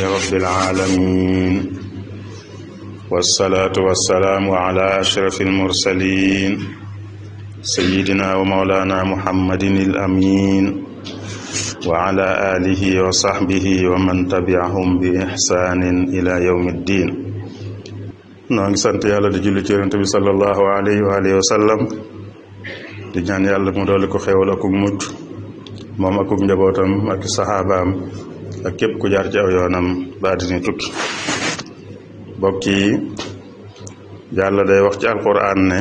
rabbil aalamiin wassalaatu wassalaamu alaa ashrafil mursaliin sayyidinaa wa mawlaanaa muhammadin il amiin wa alaa aalihi wa sahbihi wa man tabi'ahum bi ihsaanin ilaa yawmi ddiin noo ngi sant yàlla di julli ci yonent bi sallallahu alayhi wa aalihi wa sallam di ñaan yàlla mu dooli ko xéewal akuk mucc moom akuk njabootam ak saxaabaam ak képp ku jaar ci aw yoonam ba àddina tukki mbokk yi yàlla day wax ci alquran ne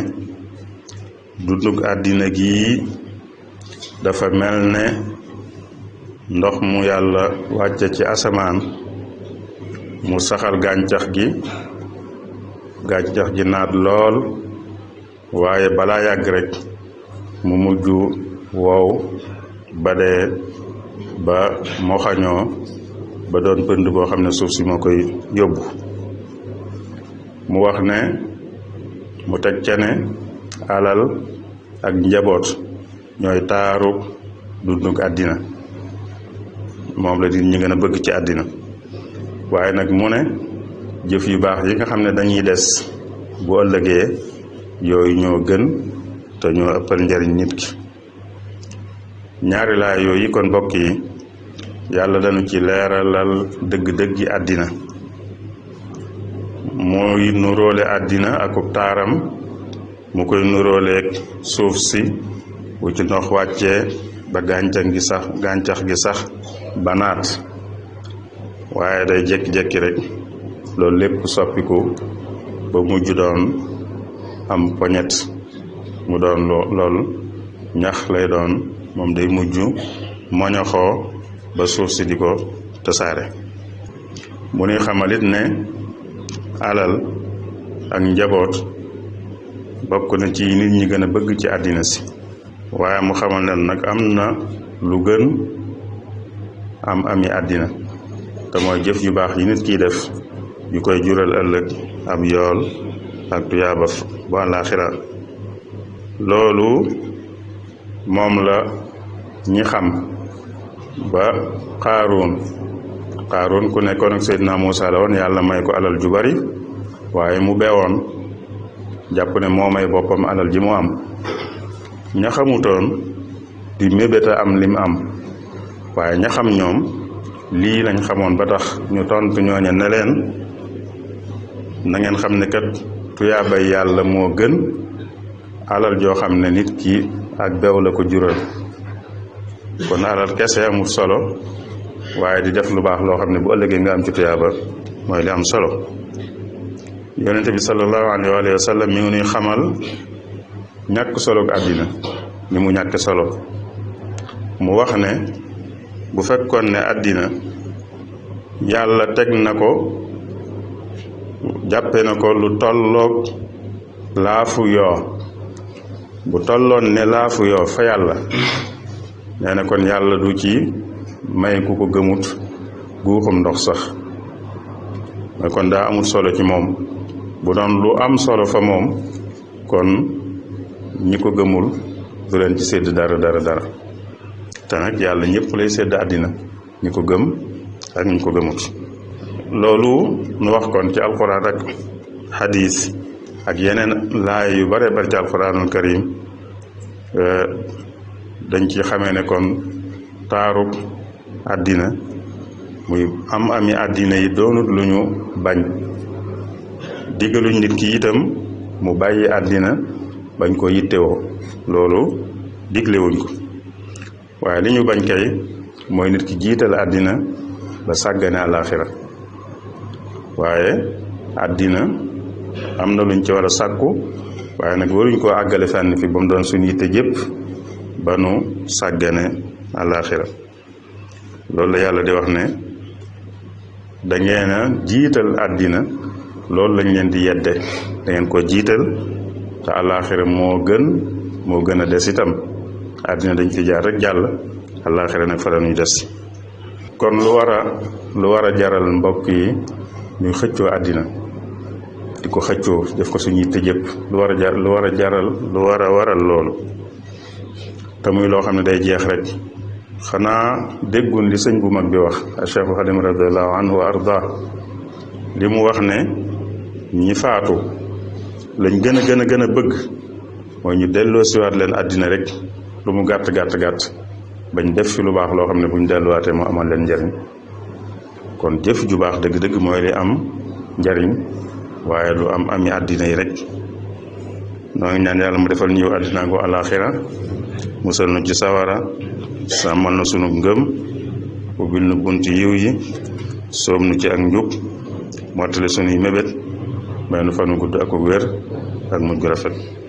dundug àddina gi dafa mel ne ndox mu yàlla wàcce ci asamaan mu saxal gàncax gi gàncax gi naat lool waaye balaa yàgg rek mu mujj wow ba dee ba moxañoo ba doon pënd boo xam ne suuf si moo koy yóbbu mu wax ne mu teg ca ne alal ak njaboot ñooy taaru dundug àddina moom la di ñu gën bëgg ci àddina waaye nag mu ne jëf yu baax yi nga xam ne dañuy des bu ëllëgee yooyu ñoo gën te ñoo ëppal njariñ nit ki ñaari laay yooyu kon mbokk yi yàlla dañu ci leeralal dëgg-dëggi àddina mooy nuróole àddina akub taaram mu koy nuróoleeg suuf si bu ci ndox wàcce ba gàncax gi sax gàncax gi sax banaat waaye day jékki-jékki rek loolu lépp soppiku ba mujj doon am poñet mu doon lool ñax lay doon moom day mujj moñoxoo ba suuf si di ko tasaare mu nuy xamalit ne alal ak njaboot bokk na ci nit ñi gën a bëgg ci àddina si waaye mu xamal ne nag am na lu gën am ami àddina te mooy jëf yu baax yi nit kiy def yu koy jural ëllëg ab yool ak tuyaaba bu àllaaxira loolu moom la ñi xam ba xaaruun xaaruun ku nekkoon ak Seydina Muusa la yàlla may ko alal ju bari waaye mu beewoon jàpp ne moo may boppam alal ji mu am ña xamutoon di mébéta am lim am waaye ñaxam ñoom lii lañ xamoon ba tax ñu tontu ñooña ne leen na ngeen xam ne kat tuyaabay yàlla moo gën alal joo xam ne nit ki ak beew ko jural kon alal kese amul solo waaye di def lu baax loo xam ne bu ëllëgee nga am ci tuyaaba mooy li am solo yonente bi sallallahu alayhi wa sallam mu ngi nuy xamal ñàkk solo àddina ni mu ñàkk solo mu wax ne bu fekkoon ne àddina yàlla teg na ko jàppe na ko lu tolloog laafu yoo bu tolloon ne laafu yoo fa yàlla nee na kon yàlla du ci may ku ko gëmut guuxum ndox sax mooy kon daa amul solo ci moom bu doon lu am solo fa moom kon ñi ko gëmul du leen ci sédd dara dara dara te yàlla ñëpp lay sédd àddina ñi ko gëm ak ñi ko gëmut loolu nu wax kon ci alxuraan ak xadiis ak yeneen laay yu bare bari ci alxuraanul karim dañ ci xamee ne kon taaru àddina muy am ami àddina yi doonut lu ñu bañ diggaluñ nit ki itam mu bàyyi àddina bañ ko yittewoo loolu diglewuñ ko waaye li ñu bañ kay mooy nit ki jiital àddina ba sàggane àllaaxira waaye àddina am na luñ ci war a sàkku waaye nag waruñ koo àggale fenn fi ba mu doon suñu yitte jëpp ba nu sàggane àllaaxira loolu la yàlla di wax ne dangeen a jiital àddina loolu lañ leen di yedde dangeen ko jiital te àllaaxira moo gën moo gën a des itam àddina dañ fi jaar rek jàll àllaaxira nag fa la ñuy des kon lu war lu war a jaral mbokk yi ñuy xëccoo àddina di ko xëccoo def ko suñuy tëjëpp lu war a jar war a jaral lu war waral loolu te muy loo xam ne day jeex rek xanaa déggun li sëñ bu mag bi wax Cheikhu Xadim radiallahu anhu wa li mu wax ne ñi faatu lañ gën a gën a gën a bëgg mooy ñu delloo siwaat leen àddina rek lu mu gàtt gàtt gàtt bañ def fi lu baax loo xam ne buñ delluwaatee mu amal leen njariñ kon jëf ju baax dëgg-dëgg mooy li am njariñ waaye lu am ami àddina yi rek noo ngi ñaan yàlla mu defal ñëw àddina ko musal na ci sawara sa sàmmal na sunu ngëm ubbil nu bunti yiw yi soob nu ci ak njub mottali sunuy mébét may nu fanu gudd ak wér ak mujj gu rafet